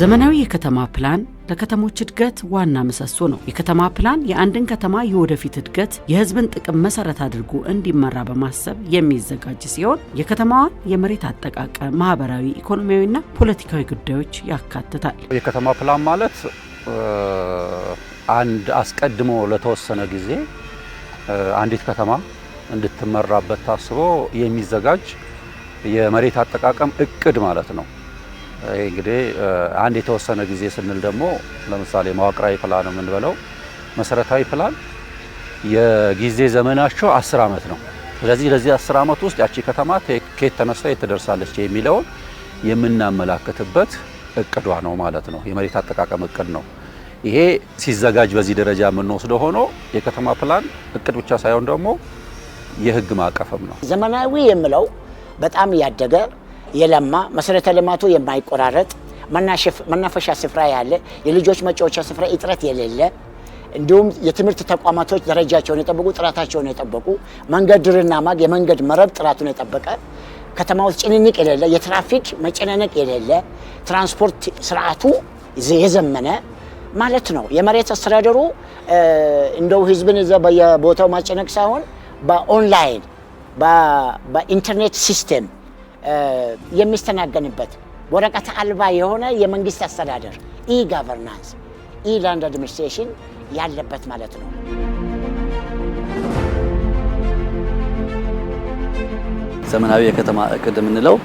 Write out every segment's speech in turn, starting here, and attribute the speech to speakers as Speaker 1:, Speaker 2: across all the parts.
Speaker 1: ዘመናዊ የከተማ ፕላን ለከተሞች እድገት ዋና ምሰሶ ነው። የከተማ ፕላን የአንድን ከተማ የወደፊት እድገት የሕዝብን ጥቅም መሰረት አድርጎ እንዲመራ በማሰብ የሚዘጋጅ ሲሆን የከተማዋን የመሬት አጠቃቀም፣ ማህበራዊ፣ ኢኮኖሚያዊና ፖለቲካዊ ጉዳዮች ያካትታል።
Speaker 2: የከተማ ፕላን ማለት አንድ አስቀድሞ ለተወሰነ ጊዜ አንዲት ከተማ እንድትመራበት ታስቦ የሚዘጋጅ የመሬት አጠቃቀም እቅድ ማለት ነው። እንግዲህ አንድ የተወሰነ ጊዜ ስንል ደግሞ ለምሳሌ መዋቅራዊ ፕላን የምንበለው መሰረታዊ ፕላን የጊዜ ዘመናቸው አስር ዓመት ነው። ስለዚህ ለዚህ አስር ዓመት ውስጥ ያቺ ከተማ ከየት ተነስታ የት ትደርሳለች የሚለውን የምናመላክትበት እቅዷ ነው ማለት ነው። የመሬት አጠቃቀም እቅድ ነው። ይሄ ሲዘጋጅ በዚህ ደረጃ የምንወስደው ሆኖ የከተማ ፕላን እቅድ ብቻ ሳይሆን ደግሞ የህግ ማዕቀፍም ነው።
Speaker 3: ዘመናዊ የምለው በጣም ያደገ የለማ መሰረተ ልማቱ የማይቆራረጥ መናፈሻ ስፍራ ያለ የልጆች መጫወቻ ስፍራ እጥረት የሌለ እንዲሁም የትምህርት ተቋማቶች ደረጃቸውን የጠበቁ ጥራታቸውን የጠበቁ መንገድ ድርና ማግ የመንገድ መረብ ጥራቱን የጠበቀ ከተማ ውስጥ ጭንንቅ የሌለ የትራፊክ መጨነነቅ የሌለ ትራንስፖርት ስርዓቱ የዘመነ ማለት ነው። የመሬት አስተዳደሩ እንደው ህዝብን እዛ በየቦታው ማጨነቅ ሳይሆን በኦንላይን በኢንተርኔት ሲስተም። የሚስተናገንበት ወረቀት አልባ የሆነ የመንግስት አስተዳደር ኢ ጋቨርናንስ ኢ ላንድ አድሚኒስትሬሽን ያለበት ማለት ነው።
Speaker 4: ዘመናዊ የከተማ እቅድ የምንለው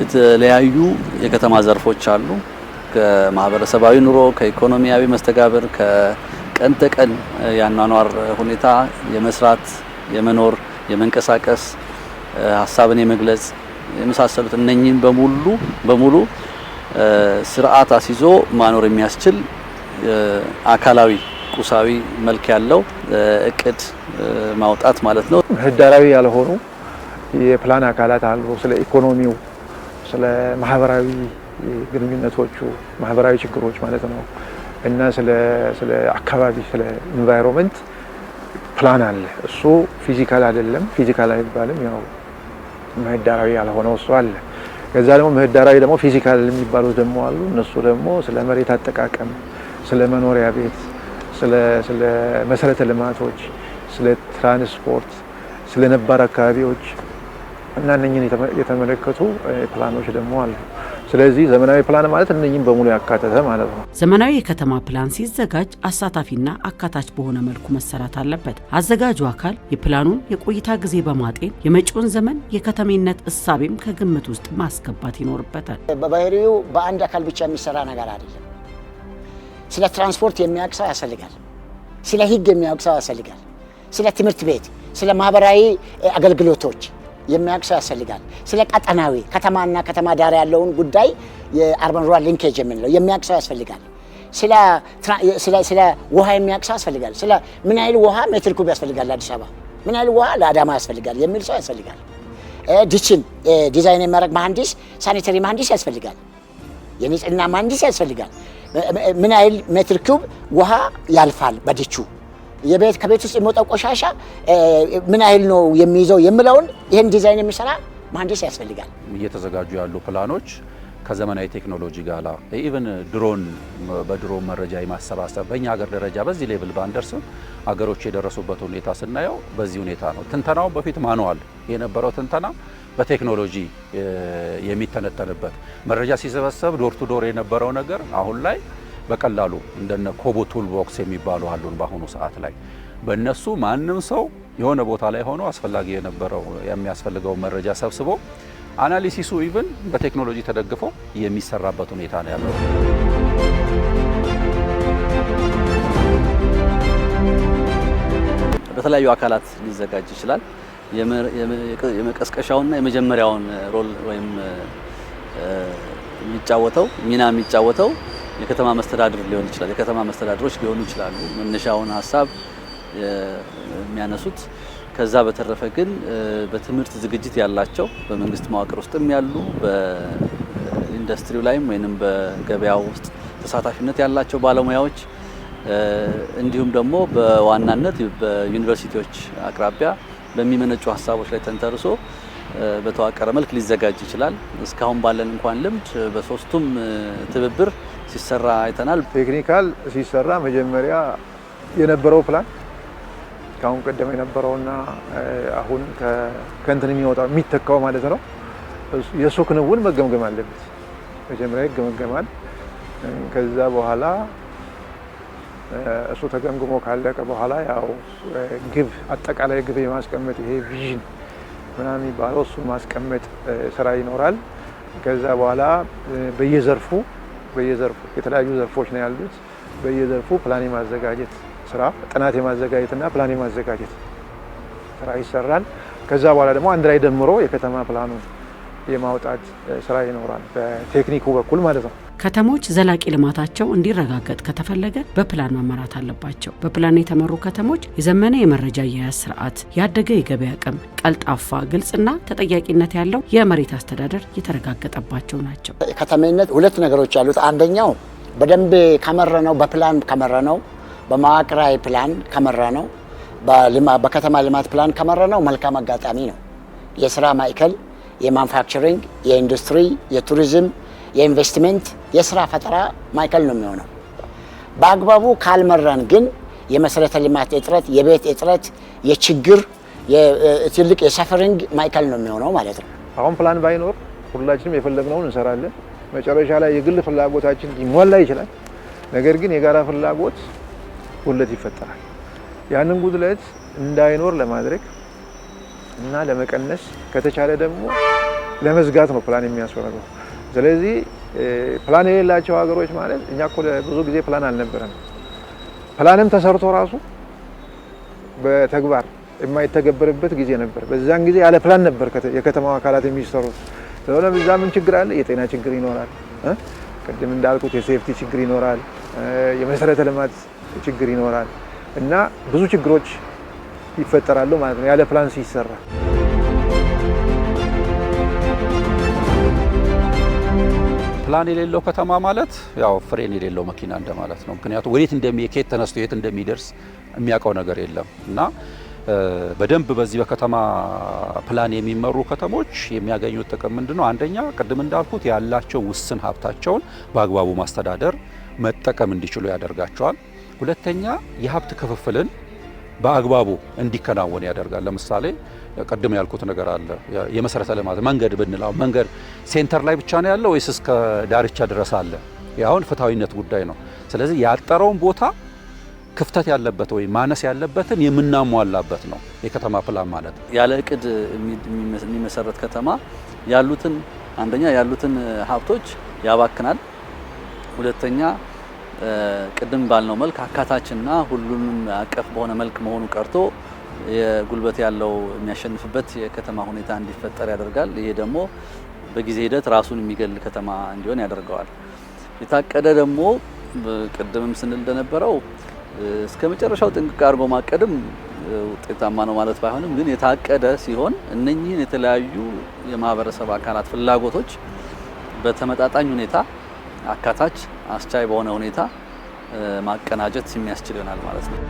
Speaker 4: የተለያዩ የከተማ ዘርፎች አሉ። ከማህበረሰባዊ ኑሮ፣ ከኢኮኖሚያዊ መስተጋብር፣ ከቀን ተቀን የአኗኗር ሁኔታ፣ የመስራት፣ የመኖር፣ የመንቀሳቀስ፣ ሀሳብን የመግለጽ የመሳሰሉት እነኚህን በሙሉ በሙሉ ስርዓት አስይዞ ማኖር የሚያስችል አካላዊ ቁሳዊ መልክ ያለው እቅድ ማውጣት ማለት ነው።
Speaker 5: ምህዳራዊ ያልሆኑ የፕላን አካላት አሉ። ስለ ኢኮኖሚው፣ ስለ ማህበራዊ ግንኙነቶቹ ማህበራዊ ችግሮች ማለት ነው እና ስለ አካባቢ ስለ ኢንቫይሮንመንት ፕላን አለ። እሱ ፊዚካል አይደለም፣ ፊዚካል አይባልም ያው ምህዳራዊ ያልሆነው እሱ አለ። ከዛ ደግሞ ምህዳራዊ ደግሞ ፊዚካል የሚባሉት ደግሞ አሉ። እነሱ ደግሞ ስለ መሬት አጠቃቀም፣ ስለ መኖሪያ ቤት፣ ስለ መሰረተ ልማቶች፣ ስለ ትራንስፖርት፣ ስለ ነባር አካባቢዎች እና እነኝን የተመለከቱ ፕላኖች ደግሞ አሉ። ስለዚህ ዘመናዊ ፕላን ማለት እነኝም በሙሉ ያካተተ ማለት ነው።
Speaker 1: ዘመናዊ የከተማ ፕላን ሲዘጋጅ አሳታፊና አካታች በሆነ መልኩ መሰራት አለበት። አዘጋጁ አካል የፕላኑን የቆይታ ጊዜ በማጤን የመጪውን ዘመን የከተሜነት እሳቤም ከግምት ውስጥ ማስገባት ይኖርበታል።
Speaker 3: በባህሪው በአንድ አካል ብቻ የሚሰራ ነገር አይደለም። ስለ ትራንስፖርት የሚያውቅ ሰው ያስፈልጋል። ስለ ህግ የሚያውቅ ሰው ያስፈልጋል። ስለ ትምህርት ቤት፣ ስለ ማህበራዊ አገልግሎቶች የሚያውቅ ሰው ያስፈልጋል። ስለ ቀጠናዊ ከተማና ከተማ ዳር ያለውን ጉዳይ የአርበን ሩራል ሊንኬጅ የምንለው የሚያውቅ ሰው ያስፈልጋል። ስለ ውሃ የሚያውቅ ሰው ያስፈልጋል። ስለ ምን ያህል ውሃ ሜትር ኩብ ያስፈልጋል ለአዲስ አበባ፣ ምን ያህል ውሃ ለአዳማ ያስፈልጋል የሚል ሰው ያስፈልጋል። ዲችን ዲዛይን የሚያደርግ መሐንዲስ፣ ሳኒተሪ መሐንዲስ ያስፈልጋል። የንጽህና መሐንዲስ ያስፈልጋል። ምን ያህል ሜትር ኩብ ውሃ ያልፋል በዲቹ የቤት ከቤት ውስጥ የሚወጣው ቆሻሻ ምን ያህል ነው የሚይዘው የምለውን ይህን ዲዛይን የሚሰራ መሀንዲስ ያስፈልጋል።
Speaker 2: እየተዘጋጁ ያሉ ፕላኖች ከዘመናዊ ቴክኖሎጂ ጋር ኢቨን ድሮን በድሮን መረጃ የማሰባሰብ በእኛ ሀገር ደረጃ በዚህ ሌብል ባንደርስም አገሮች የደረሱበት ሁኔታ ስናየው በዚህ ሁኔታ ነው። ትንተናው በፊት ማኑዋል የነበረው ትንተና በቴክኖሎጂ የሚተነተንበት መረጃ ሲሰበሰብ ዶር ቱ ዶር የነበረው ነገር አሁን ላይ በቀላሉ እንደነ ኮቦ ቦክስ የሚባሉ አሉን በአሁኑ ሰዓት ላይ በእነሱ ማንም ሰው የሆነ ቦታ ላይ ሆኖ አስፈላጊ የነበረው የሚያስፈልገው መረጃ ሰብስቦ አናሊሲሱ ኢቭን በቴክኖሎጂ ተደግፎ የሚሰራበት ሁኔታ ነው ያለው።
Speaker 4: በተለያዩ አካላት ሊዘጋጅ ይችላል። የመቀስቀሻውና የመጀመሪያውን ሮል ወይም የሚጫወተው ሚና የሚጫወተው የከተማ መስተዳድር ሊሆን ይችላል፣ የከተማ መስተዳድሮች ሊሆኑ ይችላሉ መነሻውን ሀሳብ የሚያነሱት። ከዛ በተረፈ ግን በትምህርት ዝግጅት ያላቸው በመንግስት መዋቅር ውስጥም ያሉ በኢንዱስትሪው ላይም ወይንም በገበያው ውስጥ ተሳታፊነት ያላቸው ባለሙያዎች እንዲሁም ደግሞ በዋናነት በዩኒቨርሲቲዎች አቅራቢያ በሚመነጩ ሀሳቦች ላይ ተንተርሶ በተዋቀረ መልክ ሊዘጋጅ ይችላል። እስካሁን ባለን እንኳን ልምድ በሶስቱም ትብብር ሲሰራ አይተናል።
Speaker 5: ቴክኒካል ሲሰራ መጀመሪያ የነበረው ፕላን ከአሁን ቀደም የነበረውና አሁን ከእንትን የሚወጣው የሚተካው ማለት ነው የእሱ ክንውን መገምገም አለበት። መጀመሪያ ይገመገማል። ከዛ በኋላ እሱ ተገምግሞ ካለቀ በኋላ ያው ግብ አጠቃላይ ግብ የማስቀመጥ ይሄ ቪዥን ምናምን የሚባለው እሱን ማስቀመጥ ስራ ይኖራል። ከዛ በኋላ በየዘርፉ በየዘርፉ የተለያዩ ዘርፎች ነው ያሉት። በየዘርፉ ፕላን የማዘጋጀት ስራ ጥናት የማዘጋጀትና ፕላን የማዘጋጀት ስራ ይሰራል። ከዛ በኋላ ደግሞ አንድ ላይ ደምሮ የከተማ ፕላኑ የማውጣት ስራ ይኖራል፣ በቴክኒኩ በኩል ማለት ነው።
Speaker 1: ከተሞች ዘላቂ ልማታቸው እንዲረጋገጥ ከተፈለገ በፕላን መመራት አለባቸው። በፕላን የተመሩ ከተሞች የዘመነ የመረጃ አያያዝ ስርዓት፣ ያደገ የገበያ አቅም፣ ቀልጣፋ፣ ግልጽና ተጠያቂነት ያለው የመሬት አስተዳደር የተረጋገጠባቸው ናቸው።
Speaker 3: ከተሜነት ሁለት ነገሮች ያሉት አንደኛው በደንብ ከመረነው፣ በፕላን ከመረነው፣ በመዋቅራዊ ፕላን ከመረነው፣ በከተማ ልማት ፕላን ከመረነው መልካም አጋጣሚ ነው። የስራ ማዕከል፣ የማኑፋክቸሪንግ፣ የኢንዱስትሪ፣ የቱሪዝም የኢንቨስትመንት የስራ ፈጠራ ማዕከል ነው የሚሆነው። በአግባቡ ካልመራን ግን የመሰረተ ልማት እጥረት፣ የቤት እጥረት፣ የችግር ትልቅ የሰፈሪንግ ማዕከል ነው የሚሆነው ማለት ነው።
Speaker 5: አሁን ፕላን ባይኖር ሁላችንም የፈለግነውን እንሰራለን። መጨረሻ ላይ የግል ፍላጎታችን ሊሟላ ይችላል። ነገር ግን የጋራ ፍላጎት ጉድለት ይፈጠራል። ያንን ጉድለት እንዳይኖር ለማድረግ እና ለመቀነስ ከተቻለ ደግሞ ለመዝጋት ነው ፕላን የሚያስፈልገው። ስለዚህ ፕላን የሌላቸው ሀገሮች ማለት እኛ እኮ ብዙ ጊዜ ፕላን አልነበረም። ፕላንም ተሰርቶ ራሱ በተግባር የማይተገበርበት ጊዜ ነበር። በዛን ጊዜ ያለ ፕላን ነበር የከተማው አካላት የሚሰሩት። ስለሆነ እዛ ምን ችግር አለ? የጤና ችግር ይኖራል። ቅድም እንዳልኩት የሴፍቲ ችግር ይኖራል። የመሰረተ ልማት ችግር ይኖራል እና ብዙ ችግሮች ይፈጠራሉ ማለት ነው ያለ ፕላን ሲሰራ
Speaker 2: ፕላን የሌለው ከተማ ማለት ያው ፍሬን የሌለው መኪና እንደማለት ነው። ምክንያቱም ወዴት እንደሚኬት ተነስቶ የት እንደሚደርስ የሚያውቀው ነገር የለም እና በደንብ በዚህ በከተማ ፕላን የሚመሩ ከተሞች የሚያገኙት ጥቅም ምንድን ነው? አንደኛ ቅድም እንዳልኩት ያላቸው ውስን ሀብታቸውን በአግባቡ ማስተዳደር መጠቀም እንዲችሉ ያደርጋቸዋል። ሁለተኛ የሀብት ክፍፍልን በአግባቡ እንዲከናወን ያደርጋል። ለምሳሌ ቅድም ያልኩት ነገር አለ። የመሰረተ ልማት መንገድ ብንለው መንገድ ሴንተር ላይ ብቻ ነው ያለ ወይስ እስከ ዳርቻ ድረስ አለ? አሁን ፍትሐዊነት ጉዳይ ነው። ስለዚህ ያጠረውን ቦታ ክፍተት ያለበት ወይ ማነስ ያለበትን የምናሟላበት ነው የከተማ ፕላን ማለት።
Speaker 4: ያለ እቅድ የሚመሰረት ከተማ ያሉትን አንደኛ ያሉትን ሀብቶች ያባክናል፣ ሁለተኛ ቅድም ባልነው መልክ አካታችና ሁሉንም አቀፍ በሆነ መልክ መሆኑ ቀርቶ የጉልበት ያለው የሚያሸንፍበት የከተማ ሁኔታ እንዲፈጠር ያደርጋል። ይሄ ደግሞ በጊዜ ሂደት ራሱን የሚገል ከተማ እንዲሆን ያደርገዋል። የታቀደ ደግሞ ቅድምም ስንል እንደነበረው እስከ መጨረሻው ጥንቅቅ አድርጎ ማቀድም ውጤታማ ነው ማለት ባይሆንም ግን የታቀደ ሲሆን እነኚህን የተለያዩ የማህበረሰብ አካላት ፍላጎቶች በተመጣጣኝ ሁኔታ አካታች፣ አስቻይ በሆነ ሁኔታ ማቀናጀት የሚያስችል ይሆናል ማለት ነው።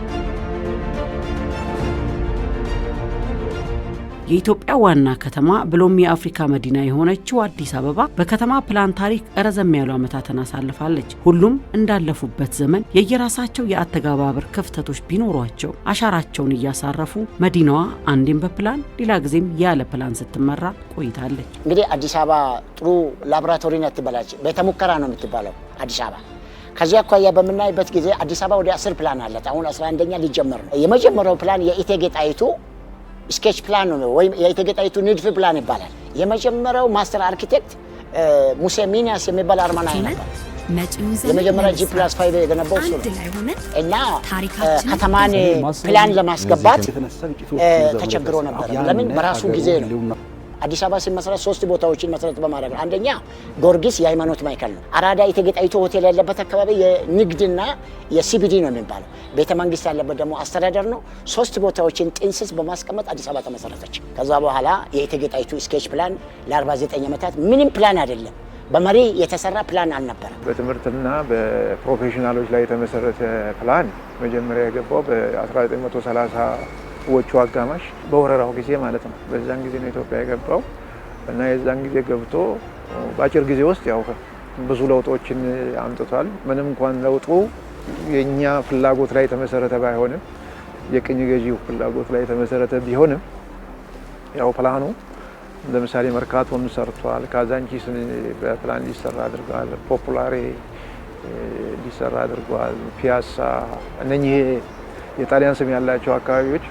Speaker 1: የኢትዮጵያ ዋና ከተማ ብሎም የአፍሪካ መዲና የሆነችው አዲስ አበባ በከተማ ፕላን ታሪክ ረዘም ያሉ ዓመታትን አሳልፋለች። ሁሉም እንዳለፉበት ዘመን የየራሳቸው የአተገባበር ክፍተቶች ቢኖሯቸው አሻራቸውን እያሳረፉ መዲናዋ አንዴም በፕላን ሌላ ጊዜም ያለ ፕላን ስትመራ ቆይታለች።
Speaker 3: እንግዲህ አዲስ አበባ ጥሩ ላቦራቶሪ ናት ትበላች፣ ቤተ ሙከራ ነው የምትባለው አዲስ አበባ። ከዚህ አኳያ በምናይበት ጊዜ አዲስ አበባ ወደ አስር ፕላን አለት። አሁን አስራ አንደኛ ሊጀመር ነው። የመጀመሪያው ፕላን የኢቴጌ ጣይቱ ስኬች ፕላን ነው ወይም የተገጣይቱ ንድፍ ፕላን ይባላል። የመጀመሪያው ማስተር አርኪቴክት ሙሴ ሚኒያስ የሚባል አርማና ነበር። የመጀመሪያ ጂ ፕላስ ፋይቭ የገነባው እሱ እና ከተማን ፕላን ለማስገባት ተቸግሮ ነበር። ለምን በራሱ ጊዜ ነው አዲስ አበባ ሲመሰረት ሶስት ቦታዎችን መሰረት በማድረግ ነው። አንደኛ ጊዮርጊስ የሃይማኖት ማዕከል ነው። አራዳ እቴጌ ሆቴል ያለበት አካባቢ የንግድና የሲቢዲ ነው የሚባለው። ቤተ መንግስት ያለበት ደግሞ አስተዳደር ነው። ሶስት ቦታዎችን ጥንስስ በማስቀመጥ አዲስ አበባ ተመሰረተች። ከዛ በኋላ የእቴጌ ስኬች ፕላን ለ49 ዓመታት ምንም ፕላን አይደለም፣ በመሪ የተሰራ ፕላን አልነበረም።
Speaker 5: በትምህርትና በፕሮፌሽናሎች ላይ የተመሰረተ ፕላን መጀመሪያ የገባው በ1930 ወቹ አጋማሽ በወረራው ጊዜ ማለት ነው። በዛን ጊዜ ነው ኢትዮጵያ የገባው እና የዛን ጊዜ ገብቶ በአጭር ጊዜ ውስጥ ያው ብዙ ለውጦችን አምጥቷል። ምንም እንኳን ለውጡ የእኛ ፍላጎት ላይ የተመሰረተ ባይሆንም የቅኝ ገዢው ፍላጎት ላይ የተመሰረተ ቢሆንም ያው ፕላኑ ለምሳሌ መርካቶን ሰርቷል። ካዛንቺስን በፕላን እንዲሰራ አድርገዋል። ፖፑላሬ እንዲሰራ አድርጓል። ፒያሳ፣ እነኚህ የጣሊያን ስም ያላቸው አካባቢዎች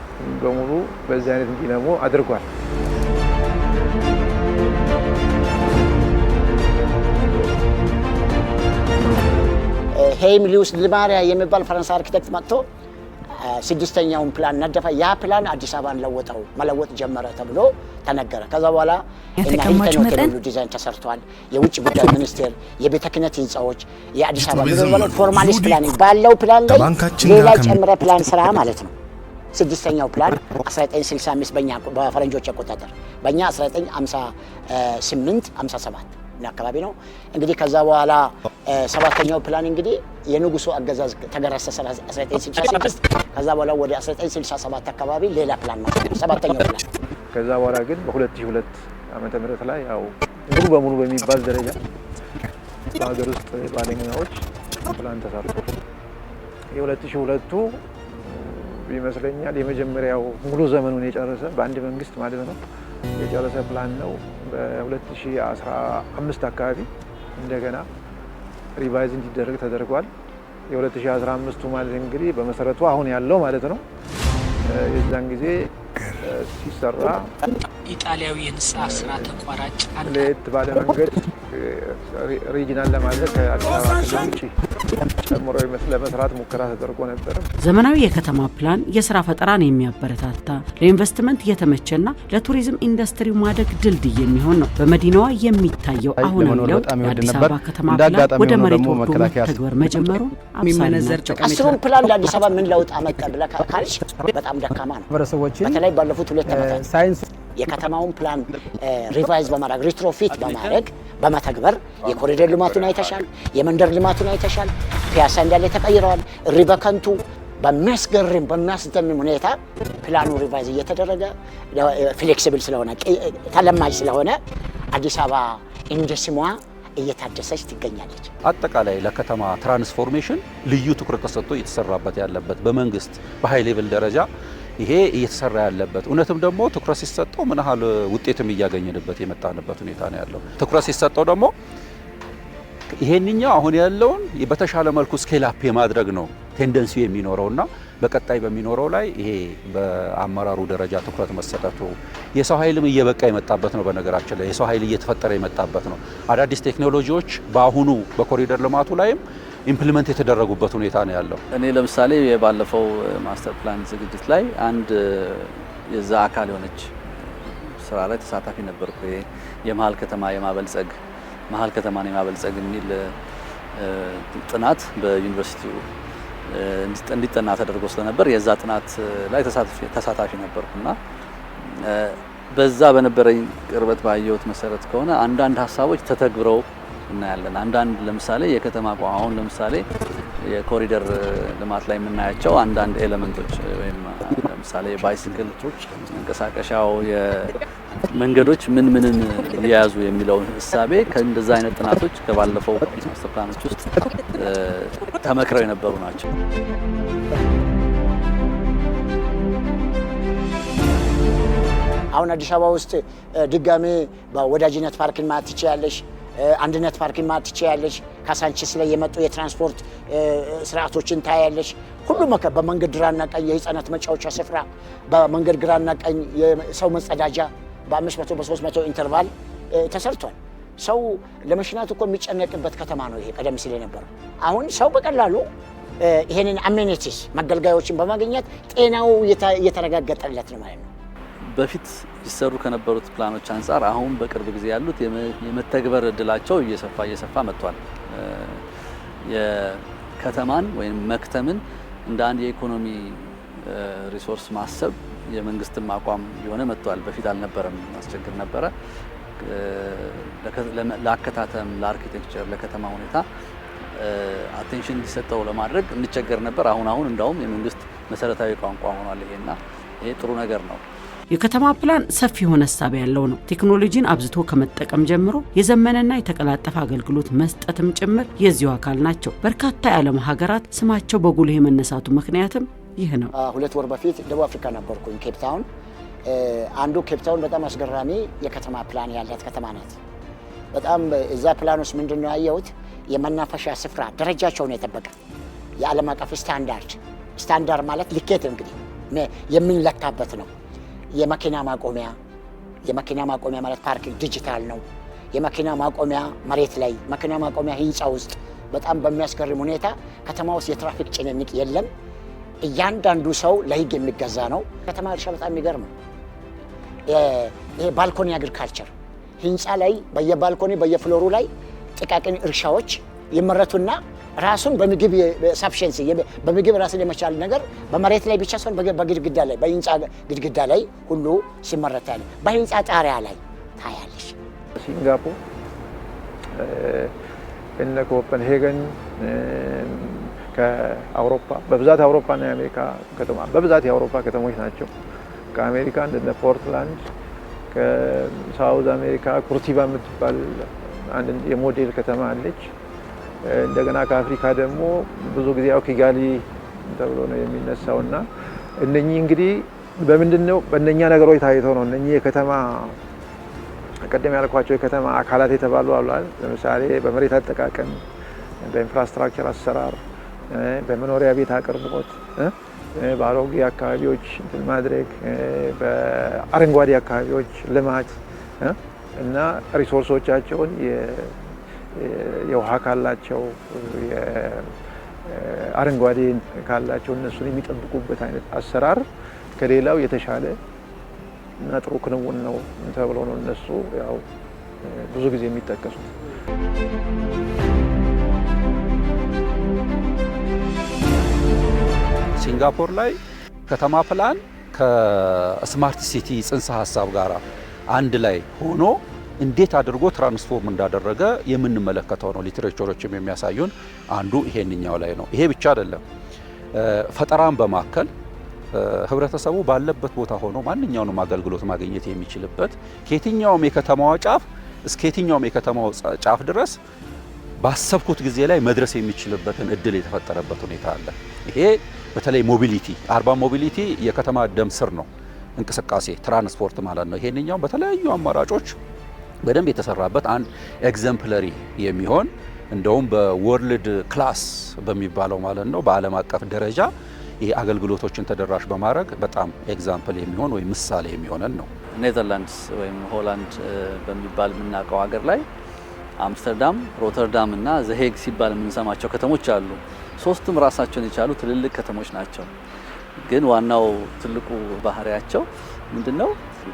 Speaker 5: በሙሉ በዚህ አይነት እንዲለሙ አድርጓል።
Speaker 3: ሄይም ሊውስ ልማሪያ የሚባል ፈረንሳይ አርኪቴክት መጥቶ ስድስተኛውን ፕላን ነደፈ። ያ ፕላን አዲስ አበባን ለወጠው መለወጥ ጀመረ ተብሎ ተነገረ። ከዛ በኋላ ተቀማጭ ዲዛይን ተሰርቷል። የውጭ ጉዳይ ሚኒስቴር፣ የቤተ ክህነት ህንፃዎች፣ የአዲስ አበባ ፎርማሊስት ፕላን ባለው ፕላን ላይ ሌላ ጨምረ ፕላን ስራ ማለት ነው። ስድስተኛው ፕላን 1965 በእኛ በፈረንጆች አቆጣጠር በእኛ 1958 57 አካባቢ ነው እንግዲህ። ከዛ በኋላ ሰባተኛው ፕላን እንግዲህ የንጉሱ አገዛዝ ተገረሰ 1966። ከዛ በኋላ ወደ 1967 አካባቢ ሌላ ፕላን ነው ሰባተኛው ፕላን።
Speaker 5: ከዛ በኋላ ግን በ2002 ዓመተ ምህረት ላይ ያው ሙሉ በሙሉ በሚባል ደረጃ በሀገር ውስጥ ባለሙያዎች ፕላን ተሳትፎ የ2002ቱ ይመስለኛል የመጀመሪያው ሙሉ ዘመኑን የጨረሰ በአንድ መንግስት ማለት ነው የጨረሰ ፕላን ነው። በ2015 አካባቢ እንደገና ሪቫይዝ እንዲደረግ ተደርጓል። የ2015ቱ ማለት እንግዲህ በመሰረቱ አሁን ያለው ማለት ነው። የዛን ጊዜ ሲሰራ
Speaker 1: ኢጣሊያዊ የንስ ስራ ተቋራጭ
Speaker 5: ለየት ባለ መንገድ ለማድረግ ከአዲስ አበባ ክልል ውጭ ጨምሮ ለመስራት ሙከራ ተደርጎ ነበር።
Speaker 1: ዘመናዊ የከተማ ፕላን የስራ ፈጠራን የሚያበረታታ ለኢንቨስትመንት የተመቸና ለቱሪዝም ኢንዱስትሪው ማደግ ድልድይ የሚሆን ነው። በመዲናዋ የሚታየው አሁን ለውጥ የአዲስ አበባ ከተማ ፕላን ወደ መሬት ወርዶ መተግበር መጀመሩ የሚመነዘር
Speaker 3: አስሩን ፕላን ለአዲስ አበባ ምን ለውጥ አመጣ ብለህ ካልሽ በጣም ደካማ ነው። በተለይ ባለፉት ሁለት ዓመታት ሳይንስ የከተማውን ፕላን ሪቫይዝ በማድረግ ሪትሮፊት በማድረግ በመተግበር የኮሪደር ልማቱን አይተሻል። የመንደር ልማቱን አይተሻል። ፒያሳ እንዳለ ተቀይረዋል። ሪበከንቱ በሚያስገርም በሚያስደምም ሁኔታ ፕላኑ ሪቫይዝ እየተደረገ ፍሌክሲብል ስለሆነ ተለማጅ ስለሆነ አዲስ አበባ እንደ ስሟ እየታደሰች ትገኛለች።
Speaker 2: አጠቃላይ ለከተማ ትራንስፎርሜሽን ልዩ ትኩረት ተሰጥቶ እየተሰራበት ያለበት በመንግስት በሀይ ሌቭል ደረጃ ይሄ እየተሰራ ያለበት እውነትም ደግሞ ትኩረት ሲሰጠው ምን ያህል ውጤትም እያገኘንበት የመጣንበት ሁኔታ ነው ያለው። ትኩረት ሲሰጠው ደግሞ ይሄንኛው አሁን ያለውን በተሻለ መልኩ ስኬል አፕ የማድረግ ነው ቴንደንሲ የሚኖረውና በቀጣይ በሚኖረው ላይ ይሄ በአመራሩ ደረጃ ትኩረት መሰጠቱ የሰው ኃይልም እየበቃ የመጣበት ነው። በነገራችን ላይ የሰው ኃይል እየተፈጠረ የመጣበት ነው። አዳዲስ ቴክኖሎጂዎች በአሁኑ በኮሪደር ልማቱ ላይም ኢምፕሊመንት የተደረጉበት ሁኔታ ነው ያለው።
Speaker 4: እኔ ለምሳሌ የባለፈው ማስተር ፕላን ዝግጅት ላይ አንድ የዛ አካል የሆነች ስራ ላይ ተሳታፊ ነበርኩ። የመሀል ከተማ የማበልጸግ መሀል ከተማን የማበልጸግ የሚል ጥናት በዩኒቨርሲቲው እንዲጠና ተደርጎ ስለነበር የዛ ጥናት ላይ ተሳታፊ እና በዛ በነበረኝ ቅርበት ባየሁት መሰረት ከሆነ አንዳንድ ሀሳቦች ተተግብረው እናያለን። አንዳንድ ለምሳሌ የከተማ ቋ አሁን ለምሳሌ የኮሪደር ልማት ላይ የምናያቸው አንዳንድ ኤሌመንቶች ወይም ለምሳሌ የባይሲክል መንቀሳቀሻው መንገዶች ምን ምንን እየያዙ የሚለውን እሳቤ ከእንደዛ አይነት ጥናቶች ከባለፈው ማስተር ፕላኖች ውስጥ ተመክረው የነበሩ ናቸው።
Speaker 3: አሁን አዲስ አበባ ውስጥ ድጋሜ በወዳጅነት ፓርክን ማየት ትችያለሽ። አንድነት ፓርክ ማትቼ ያለሽ ካሳንቺስ ላይ የመጡ የትራንስፖርት ስርዓቶችን ታያለሽ። ሁሉም በመንገድ ግራና ቀኝ የህፃናት መጫወቻ ስፍራ፣ በመንገድ ግራና ቀኝ የሰው መጸዳጃ በአምስት መቶ በሶስት መቶ ኢንተርቫል ተሰርቷል። ሰው ለመሽናት እኮ የሚጨነቅበት ከተማ ነው ይሄ ቀደም ሲል የነበረው። አሁን ሰው በቀላሉ ይሄንን አሜኒቲስ መገልገያዎችን በማግኘት ጤናው እየተረጋገጠለት ነው ማለት ነው።
Speaker 4: በፊት ሊሰሩ ከነበሩት ፕላኖች አንጻር አሁን በቅርብ ጊዜ ያሉት የመተግበር እድላቸው እየሰፋ እየሰፋ መጥቷል። የከተማን ወይም መክተምን እንደ አንድ የኢኮኖሚ ሪሶርስ ማሰብ የመንግስትም አቋም የሆነ መጥቷል። በፊት አልነበረም፣ አስቸግር ነበረ። ለአከታተም፣ ለአርኪቴክቸር፣ ለከተማ ሁኔታ አቴንሽን እንዲሰጠው ለማድረግ እንቸገር ነበር። አሁን አሁን እንዳውም የመንግስት መሰረታዊ ቋንቋ ሆኗል ይሄና ይሄ ጥሩ ነገር ነው።
Speaker 1: የከተማ ፕላን ሰፊ የሆነ ሀሳብ ያለው ነው። ቴክኖሎጂን አብዝቶ ከመጠቀም ጀምሮ የዘመነና የተቀላጠፈ አገልግሎት መስጠትም ጭምር የዚሁ አካል ናቸው። በርካታ የዓለም ሀገራት ስማቸው በጉልህ የመነሳቱ ምክንያትም ይህ ነው።
Speaker 3: ሁለት ወር በፊት ደቡብ አፍሪካ ነበርኩኝ፣ ኬፕታውን። አንዱ ኬፕታውን በጣም አስገራሚ የከተማ ፕላን ያላት ከተማ ናት። በጣም እዛ ፕላን ውስጥ ምንድን ነው ያየሁት? የመናፈሻ ስፍራ ደረጃቸውን የጠበቀ የዓለም አቀፍ ስታንዳርድ ስታንዳርድ ማለት ልኬት እንግዲህ የምንለካበት ነው። የመኪና ማቆሚያ የመኪና ማቆሚያ ማለት ፓርኪንግ ዲጂታል ነው። የመኪና ማቆሚያ መሬት ላይ መኪና ማቆሚያ ህንፃ ውስጥ በጣም በሚያስገርም ሁኔታ ከተማ ውስጥ የትራፊክ ጭንንቅ የለም። እያንዳንዱ ሰው ለህግ የሚገዛ ነው። ከተማ እርሻ በጣም የሚገርም ይሄ ባልኮኒ አግሪካልቸር ህንፃ ላይ በየባልኮኒ በየፍሎሩ ላይ ጥቃቅን እርሻዎች ይመረቱና ራሱን በምግብ ሰፊሽንሲ በምግብ ራስን የመቻል ነገር በመሬት ላይ ብቻ ሳይሆን በግድግዳ ላይ በህንፃ ግድግዳ ላይ ሁሉ ሲመረት ያለ በህንፃ ጣሪያ ላይ ታያለሽ።
Speaker 5: ሲንጋፖር እነ ኮፐንሄገን ከአውሮፓ በብዛት አውሮፓ እና የአሜሪካ ከተማ በብዛት የአውሮፓ ከተሞች ናቸው። ከአሜሪካ እንደ ፖርትላንድ ከሳውዝ አሜሪካ ኩርቲባ የምትባል አንድ የሞዴል ከተማ አለች። እንደገና ከአፍሪካ ደግሞ ብዙ ጊዜ ያው ኪጋሊ ተብሎ ነው የሚነሳው እና እነኚህ እንግዲህ በምንድን ነው በእነኛ ነገሮች ታይቶ ነው እነኚህ የከተማ ቀደም ያልኳቸው የከተማ አካላት የተባሉ አሏል። ለምሳሌ በመሬት አጠቃቀም፣ በኢንፍራስትራክቸር አሰራር፣ በመኖሪያ ቤት አቅርቦት፣ በአሮጌ አካባቢዎች እንትን ማድረግ፣ በአረንጓዴ አካባቢዎች ልማት እና ሪሶርሶቻቸውን የውሃ ካላቸው አረንጓዴ ካላቸው እነሱን የሚጠብቁበት አይነት አሰራር ከሌላው የተሻለ እና ጥሩ ክንውን ነው ተብሎ ነው እነሱ ያው ብዙ ጊዜ የሚጠቀሱት።
Speaker 2: ሲንጋፖር ላይ ከተማ ፕላን ከስማርት ሲቲ ጽንሰ ሀሳብ ጋር አንድ ላይ ሆኖ እንዴት አድርጎ ትራንስፎርም እንዳደረገ የምንመለከተው ነው። ሊትሬቸሮችም የሚያሳዩን አንዱ ይሄንኛው ላይ ነው። ይሄ ብቻ አይደለም። ፈጠራን በማከል ህብረተሰቡ ባለበት ቦታ ሆኖ ማንኛውንም አገልግሎት ማግኘት የሚችልበት ከየትኛውም የከተማዋ ጫፍ እስከ የትኛውም የከተማው ጫፍ ድረስ ባሰብኩት ጊዜ ላይ መድረስ የሚችልበትን እድል የተፈጠረበት ሁኔታ አለ። ይሄ በተለይ ሞቢሊቲ አርባ ሞቢሊቲ የከተማ ደም ስር ነው፣ እንቅስቃሴ ትራንስፖርት ማለት ነው። ይሄንኛውም በተለያዩ አማራጮች በደንብ የተሰራበት አንድ ኤግዘምፕለሪ የሚሆን እንደውም በወርልድ ክላስ በሚባለው ማለት ነው በዓለም አቀፍ ደረጃ አገልግሎቶችን ተደራሽ በማድረግ በጣም ኤግዛምፕል የሚሆን ወይም ምሳሌ የሚሆነን ነው።
Speaker 4: ኔዘርላንድስ ወይም ሆላንድ በሚባል የምናውቀው ሀገር ላይ አምስተርዳም፣ ሮተርዳም እና ዘሄግ ሲባል የምንሰማቸው ከተሞች አሉ። ሶስቱም ራሳቸውን የቻሉ ትልልቅ ከተሞች ናቸው። ግን ዋናው ትልቁ ባህሪያቸው ምንድን ነው?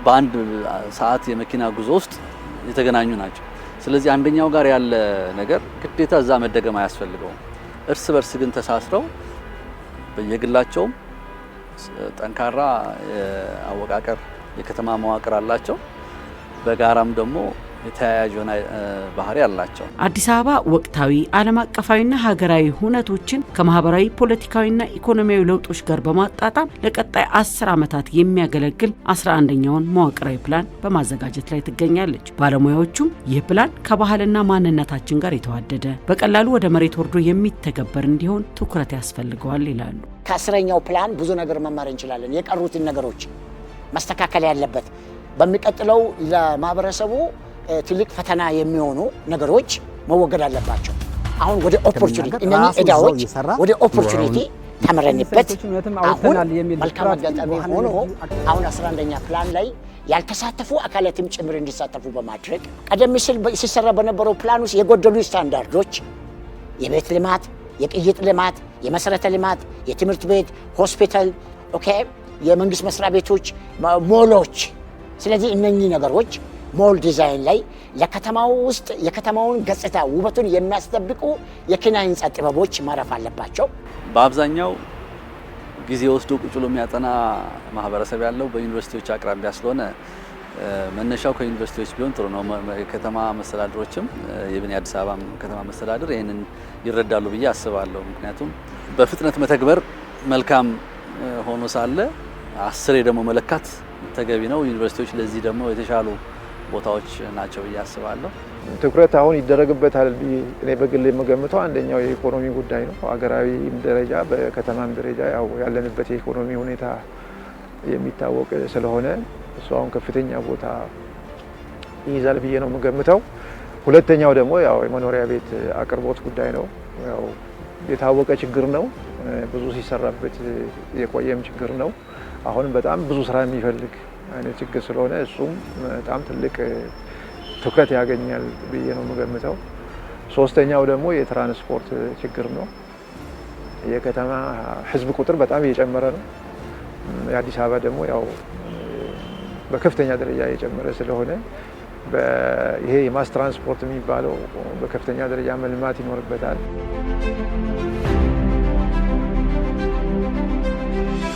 Speaker 4: በአንድ ሰዓት የመኪና ጉዞ ውስጥ የተገናኙ ናቸው። ስለዚህ አንደኛው ጋር ያለ ነገር ግዴታ እዛ መደገም አያስፈልገውም። እርስ በርስ ግን ተሳስረው በየግላቸውም ጠንካራ አወቃቀር የከተማ መዋቅር አላቸው። በጋራም ደግሞ የተያያዥ የሆነ ባህሪ አላቸው።
Speaker 1: አዲስ አበባ ወቅታዊ ዓለም አቀፋዊና ሀገራዊ ሁነቶችን ከማህበራዊ ፖለቲካዊና ኢኮኖሚያዊ ለውጦች ጋር በማጣጣም ለቀጣይ አስር ዓመታት የሚያገለግል አስራ አንደኛውን መዋቅራዊ ፕላን በማዘጋጀት ላይ ትገኛለች። ባለሙያዎቹም ይህ ፕላን ከባህልና ማንነታችን ጋር የተዋደደ በቀላሉ ወደ መሬት ወርዶ የሚተገበር እንዲሆን ትኩረት ያስፈልገዋል ይላሉ።
Speaker 3: ከአስረኛው ፕላን ብዙ ነገር መማር እንችላለን። የቀሩትን ነገሮች መስተካከል ያለበት በሚቀጥለው ለማህበረሰቡ ትልቅ ፈተና የሚሆኑ ነገሮች መወገድ አለባቸው። አሁን ወደ ኦፖርቹኒቲ እነኚህ እዳዎች ወደ ኦፖርቹኒቲ ተምረንበት አሁን መልካም አጋጣሚ ሆኖ አሁን 11ኛ ፕላን ላይ ያልተሳተፉ አካላትም ጭምር እንዲሳተፉ በማድረግ ቀደም ሲል ሲሰራ በነበረው ፕላን ውስጥ የጎደሉ ስታንዳርዶች የቤት ልማት፣ የቅይጥ ልማት፣ የመሰረተ ልማት፣ የትምህርት ቤት፣ ሆስፒታል፣ ኦኬ፣ የመንግስት መስሪያ ቤቶች፣ ሞሎች፣ ስለዚህ እነኚህ ነገሮች ሞል ዲዛይን ላይ ለከተማው ውስጥ የከተማውን ገጽታ ውበቱን የሚያስጠብቁ የኪነ ህንፃ ጥበቦች ማረፍ አለባቸው። በአብዛኛው ጊዜ ወስዶ ቁጭ ብሎ የሚያጠና ማህበረሰብ ያለው በዩኒቨርሲቲዎች አቅራቢያ ስለሆነ መነሻው ከዩኒቨርሲቲዎች ቢሆን ጥሩ ነው። የከተማ መስተዳድሮችም ይብን የአዲስ አበባ ከተማ መስተዳድር ይህንን ይረዳሉ ብዬ አስባለሁ። ምክንያቱም በፍጥነት መተግበር መልካም ሆኖ ሳለ አስሬ ደግሞ መለካት ተገቢ ነው። ዩኒቨርሲቲዎች ለዚህ ደግሞ የተሻሉ ቦታዎች ናቸው ብዬ አስባለሁ። ትኩረት አሁን ይደረግበታል እኔ በግል የምገምተው አንደኛው የኢኮኖሚ ጉዳይ ነው። ሀገራዊ ደረጃ በከተማም ደረጃ ያው ያለንበት የኢኮኖሚ ሁኔታ የሚታወቅ ስለሆነ እሱ አሁን ከፍተኛ ቦታ ይይዛል ብዬ ነው የምገምተው። ሁለተኛው ደግሞ ያው የመኖሪያ ቤት አቅርቦት ጉዳይ ነው። ያው የታወቀ ችግር ነው። ብዙ ሲሰራበት የቆየም ችግር ነው። አሁን በጣም ብዙ ስራ የሚፈልግ አይነት ችግር ስለሆነ እሱም በጣም ትልቅ ትኩረት ያገኛል ብዬ ነው የምገምተው። ሶስተኛው ደግሞ የትራንስፖርት ችግር ነው። የከተማ ህዝብ ቁጥር በጣም እየጨመረ ነው። የአዲስ አበባ ደግሞ ያው በከፍተኛ ደረጃ እየጨመረ ስለሆነ ይሄ የማስ ትራንስፖርት የሚባለው በከፍተኛ ደረጃ መልማት ይኖርበታል።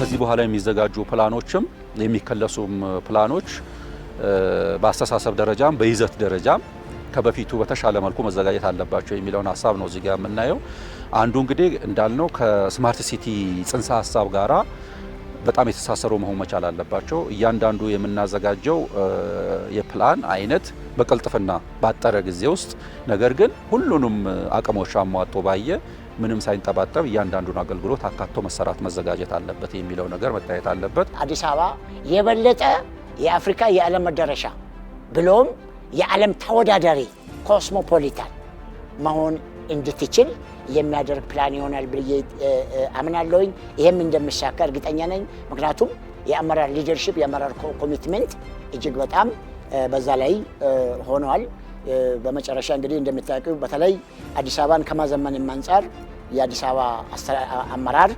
Speaker 3: ከዚህ በኋላ የሚዘጋጁ ፕላኖችም የሚከለሱም ፕላኖች በአስተሳሰብ ደረጃም በይዘት ደረጃም ከበፊቱ በተሻለ መልኩ መዘጋጀት አለባቸው የሚለውን ሀሳብ ነው እዚጋ የምናየው። አንዱ እንግዲህ እንዳልነው ከስማርት ሲቲ ጽንሰ ሀሳብ ጋራ በጣም የተሳሰሩ መሆን መቻል አለባቸው። እያንዳንዱ የምናዘጋጀው የፕላን አይነት በቅልጥፍና ባጠረ ጊዜ ውስጥ ነገር ግን ሁሉንም አቅሞች አሟጦ ባየ ምንም ሳይንጠባጠብ እያንዳንዱን አገልግሎት አካቶ መሰራት መዘጋጀት አለበት የሚለው ነገር መታየት አለበት። አዲስ አበባ የበለጠ የአፍሪካ የዓለም መዳረሻ ብሎም የዓለም ተወዳዳሪ ኮስሞፖሊታን መሆን እንድትችል የሚያደርግ ፕላን ይሆናል ብዬ አምናለሁኝ። ይህም እንደሚሳካ እርግጠኛ ነኝ። ምክንያቱም የአመራር ሊደርሽፕ የአመራር ኮሚትመንት እጅግ በጣም በዛ ላይ ሆነዋል። በመጨረሻ እንግዲህ እንደምታውቁ በተለይ አዲስ አበባን ከማዘመንም አንጻር የአዲስ አበባ አመራር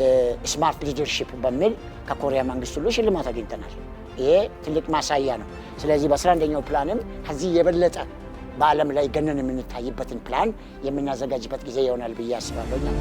Speaker 3: የስማርት ሊደርሺፕ በሚል ከኮሪያ መንግስት ሁሉ ሽልማት አግኝተናል። ይሄ ትልቅ ማሳያ ነው። ስለዚህ በአስራ አንደኛው ፕላንም ከዚህ የበለጠ በዓለም ላይ ገነን የምንታይበትን ፕላን የምናዘጋጅበት ጊዜ ይሆናል ብዬ አስባለሁ።